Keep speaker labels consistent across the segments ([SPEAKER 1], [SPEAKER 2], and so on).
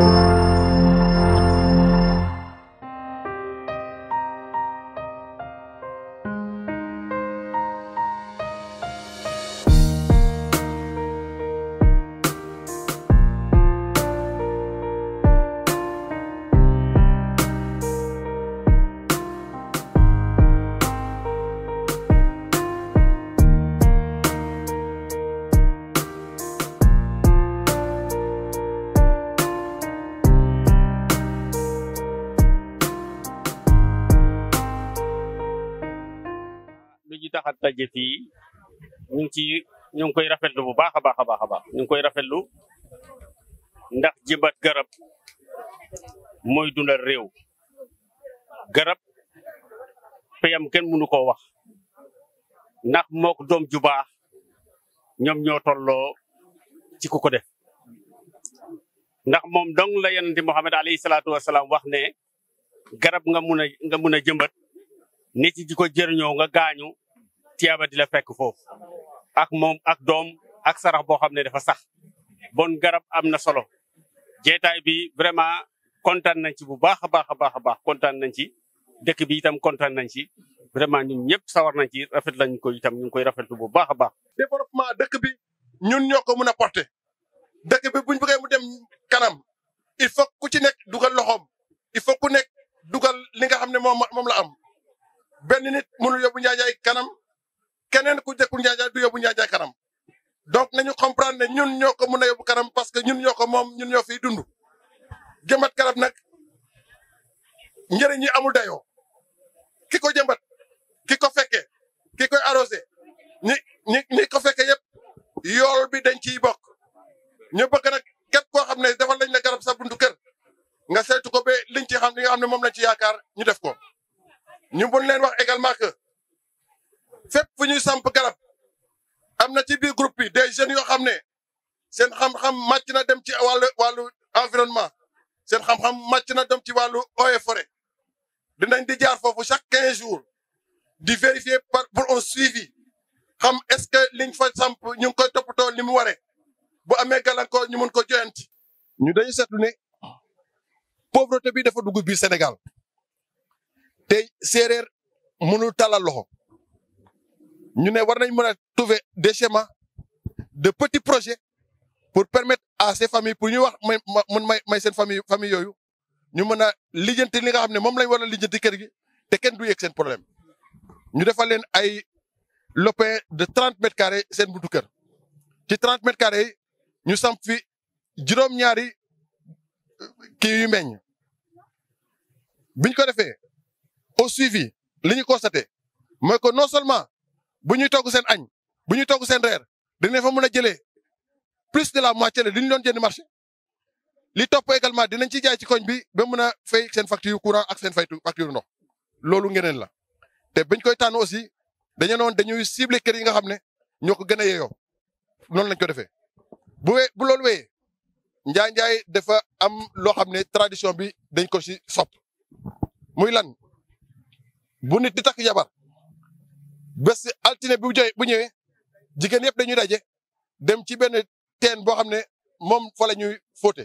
[SPEAKER 1] thank you tax a daje fii ñu ngi ci ñu koy rafet bu baax a baax a baax a baax ñu ngi koy rafetlu ndax jëmbat garab mooy dundal réew garab payam kenn mënu koo wax ndax mook doom ju baax ñoom ñoo tolloo ci ko def ndax moom dong la yonent Muhammad alayhi salaatu wasalaam wax ne garab nga mun a nga mun a jëmbat nga gaañu tiyaaba di la fekk foofu ak moom ak doom ak sarax boo xam ne dafa sax bon garab am na solo jeetaay bi vraiment kontaan nañ ci bu baax a baax a baax a baax kontaan nañ ci dëkk bi itam kontaan nañ ci vraiment ñun ñëpp sawar nañ ci rafet lañ ko itam ñu ngi koy rafetlu bu baax a baax.
[SPEAKER 2] dëkk bi ñun ñoo ko mën a porter dëkk bi buñ bëggee mu dem kanam il faut ku ci nekk dugal loxoom il faut ku nekk dugal li nga xam ne moom moom la am benn nit mënul yóbbu ñun ñoo ko mën a yóbbu parce que ñun ñoo ko moom ñun ñoo fiy dund jëmbat nag njëriñ ñi amul dayoo ki ko jëmbat ki ko fekkee ki koy arrosé ñi ñi ñi ko fekkee yëpp yool dañ ciy bokk ñu bëgg nag koo xam ne defal lañ la garab sa buntu kër nga saytu ko be liñ ci xam li nga xam ne moom lañ ci yaakaar ñu def ko ñu mun leen wax également que fépp fu ñuy samp garab am na ci biir groupe bi des jeunes yoo xam ne seen xam-xam màcc na dem ci wàllu wàllu environnement seen xam-xam màcc na dem ci wàllu oye et forêt di jaar foofu chaque quinze jours di vérifier par pour un suivi xam est-ce que liñ fa samp ñu ngi koy toppatoo li mu waree bu amee gàllankoor ñu mun ko joyanti. ñu dañu seetlu ne pauvreté bi dafa dugg biir Sénégal te séeréer mënul talal loxo ñu ne war nañ mën a trouver des schémas de petits projet pour permettre à ces familles pour ñu wax may mun may may seen famille famille yooyu ñu mën a lijjanti li nga xam ne moom lañ war a lijjanti kër gi te kenn du yegg seen problème ñu defal leen ay lopin de trente mètres carrés seen buntu kër ci trente mètres carrés yi ñu samp fi juróom-ñaari euh, kii yu meññ biñ ko defee au suivi li ñu constaté mooy que non seulement bu ñuy toog seen añ bu ñuy toog seen reer dinañ fa mën a jëlee plus de la moitié la li ñu doon jënd marché li topp également dinañ ci jaay ci koñ bi ba mën a fay seen facture courant ak seen faytu facture ndox loolu ngeneen la te bañ koy tànn aussi dañu noon dañuy ciblé kër yi nga xam ne ñoo ko gën a yeyoo noonu lañ ko defee bu wee bu loolu wéyee njaay njaay dafa am loo xam ne tradition bi dañ ko si sopp muy lan bu nit di takk jabar bés altine bu joy bu ñëwee jigéen yëpp dañuy daje dem ci benn teen boo xam ne moom fa la ñuy fóote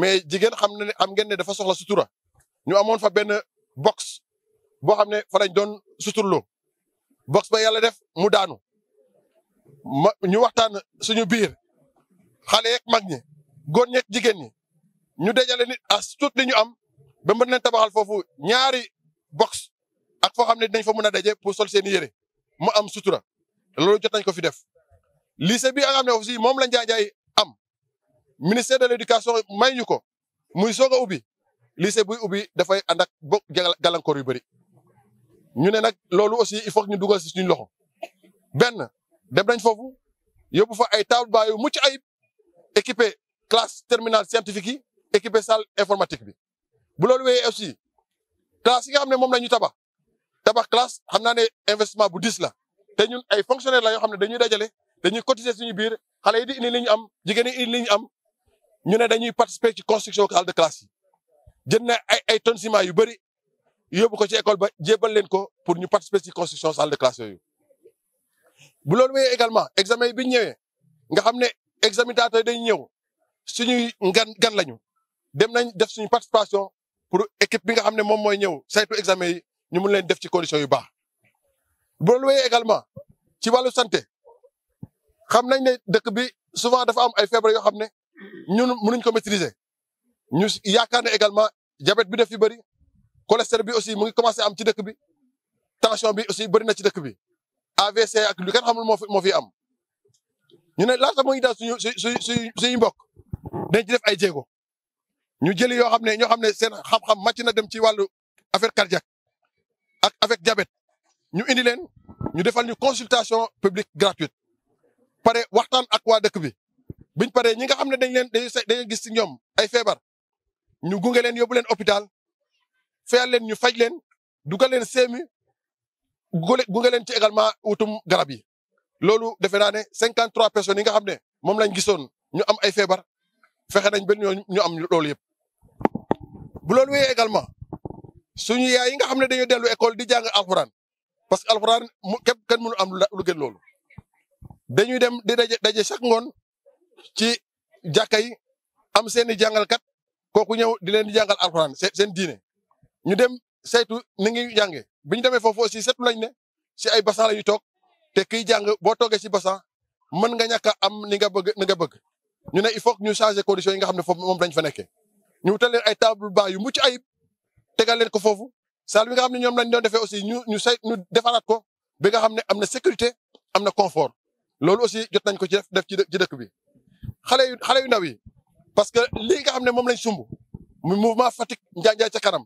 [SPEAKER 2] mais jigéen xam na ne am ngeen ne dafa soxla sutura ñu amoon fa benn box boo xam ne fa lañ doon suturloo box ba yàlla def mu daanu ma ñu waxtaan suñu biir xale yeeg mag ñi góor ñeeg jigéen ñi ñu dajale nit as ah, tuut li ñu am ba mën nañ tabaxal foofu ñaari box ak foo xam ne dinañ fa mën a daje pour sol seeni yére mu am sutura loolu jot nañ ko fi def lycée bi nga xam ne aussi moom la njaajaay am ministère de l' éducation may ñu ko muy soog a ubbi lycée buy ubbi dafay ànd ak bokk gàllankoor yu bëri. ñu ne nag loolu aussi il faut ñu dugal si ñu loxo benn dem nañ foofu yóbbu fa ay table ba yu mucc ayib équipe classe terminale scientifique yi équipe salle informatique bi. bu loolu wéyee aussi classe yi nga xam ne moom la ñu tabax tabax classe xam naa ne investissement bu dis la te ñun ay fonctionnaire la yoo xam ne dañuy dajale. dañuy cotiser suñu biir xale yi di indi li am jigéen yi indi li ñu am ñu ne dañuy participer ci construction locale de classe yi jënd na ay ay tonnes yu bëri yóbbu ko ci école ba jébal leen ko pour ñu participer ci construction salle de classe yooyu. bu loolu wéyee également examen yi bi ñu ñëwee nga xam ne examinateur dañu ñëw suñuy gan gan lañu dem nañ def suñu participation pour équipe bi nga xam ne moom mooy ñëw saytu examen yi ñu mun leen def ci condition yu baax. bu loolu ci wàllu santé. xam nañ ne dëkk bi souvent dafa am ay feebar yoo xam ne ñun mënuñ ko maîtriser ñu yaakaar ne également diabète bi def ci bëri cholestérol bi aussi mu ngi commencé am ci dëkk bi tension bi aussi bëri na ci dëkk bi AVC ak lu kenn xamul moo fi moo fi am. ñu ne laata mu ngi daal suñu suñu suñu suñu mbokk dañ ci def ay jéego ñu jëli yoo xam ne ñoo xam ne seen xam-xam màcc na dem ci wàllu affaire cardiaque ak avec diabète ñu indi leen ñu defal ñu consultation publique gratuite. pare waxtaan ak waa dëkk bi biñ paree ñi nga xam ne dañ leen dañuy gis ci ñoom ay feebar ñu gunge leen yóbbu leen hôpital feyal leen ñu faj leen dugal leen seemi gunge leen ci également wutum garab yi. loolu defe naa ne 53 personnes yi nga xam ne moom lañ gisoon ñu am ay feebar fexe nañ ba ñu am loolu yëpp bu loolu wéyee également suñu yaay yi nga xam ne dañoo dellu école di jàng alxuraan parce que alxuraan mu képp kenn mënu am lu gën loolu. dañuy dem di daje daje chaque ngoon ci jàkka yi am seen i jàngalkat kooku ñëw di leen di jàngal alxuraan seen diine ñu dem saytu ni ngi jànge bi ñu demee foofu aussi seetlu lañ ne si ay basan la ñu toog te kiy jàng boo toogee si basan mën nga ñàkk a am ni nga bëgg ni nga bëgg ñu ne il faut ñu changer conditions yi nga xam ne foofu moom dañ fa nekkee ñu wutal leen ay table baax yu mucc ayib tegal leen ko foofu salle bi nga xam ne ñoom lañ doon defee aussi ñu ñu say ñu defaraat ko bi nga xam ne am na sécurité am na confort loolu aussi jot nañ ko ci def def ci dëkk bi xale yu xale yu ndaw yi parce que lii nga xam ne moom lañ sumb mu mouvement Fatick Njaay ca kanam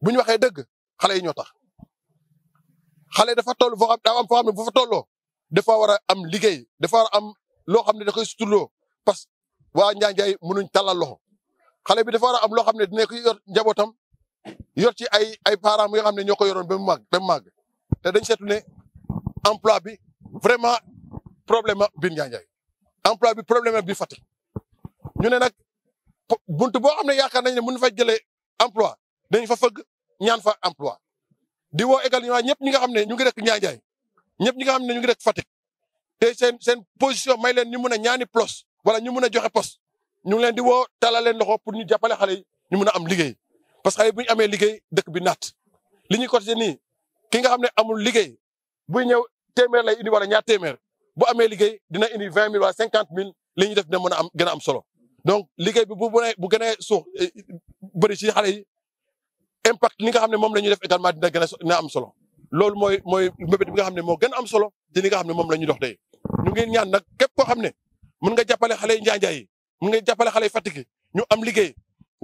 [SPEAKER 2] bu ñu waxee dëgg xale yi ñoo xale dafa tol foo xam daa am xam ne bu fa tolloo dafa war a am liggéey dafa war a am loo xam ne da koy suturloo parce que waa Njaay Njaay mënuñ tàllal loxo xale bi dafa war a am loo xam ne dina ko njabootam yor ci ay ay parents yi xam ne ñoo ko yoroon ba mu màgg ba màgg te dañ seetu ne emploi bi vraiment problème ma biir Ndiaye bi problème ma biir ñu ne nag buntu boo xam ne yaakaar nañ ne mën fa jëlee emploi dañ fa fëgg ñaan fa emploi di woo également ñëpp ñi nga xam ne ñu ngi rek Ndiaye ñëpp ñi nga xam ne ñu ngi rek Fatick te seen seen position may leen ñu mën a ñaani plus wala ñu mën a joxe poste ñu ngi leen di woo talal leen loxo pour ñu jàppale xale yi ñu mën a am liggéey parce que xale bu ñu amee liggéey dëkk bi naat li ñuy cotiser nii ki nga xam ne amul liggéey buy ñëw téeméer lay indi wala ñaar téeméer bu amee liggéey dina indi vingt mille waa cinquante mille li ñuy def dina mën am gën am solo donc liggéey bi bu bu gën a suux eh, bëri ci xale yi impact ni nga xam ne moom la ñuy def également dina gën am solo loolu mooy mooy mbébét bi nga xam ne moo gën a am solo te li nga xam ne moom la ñuy dox tey ñu ngi ñaan nag képp koo xam ne mën nga jàppale xale yi njaanjaay yi mën nga jàppale xale yi Fatick ñu am liggéey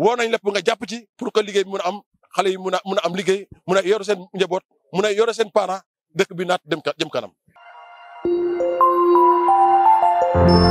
[SPEAKER 2] na nañ lépp nga jàpp ci pour que liggéey bi mun a am xale yi mun a mun am liggéey mun a seen njaboot mun a yore seen parent dëkk bi naat dem jëm kanam thank you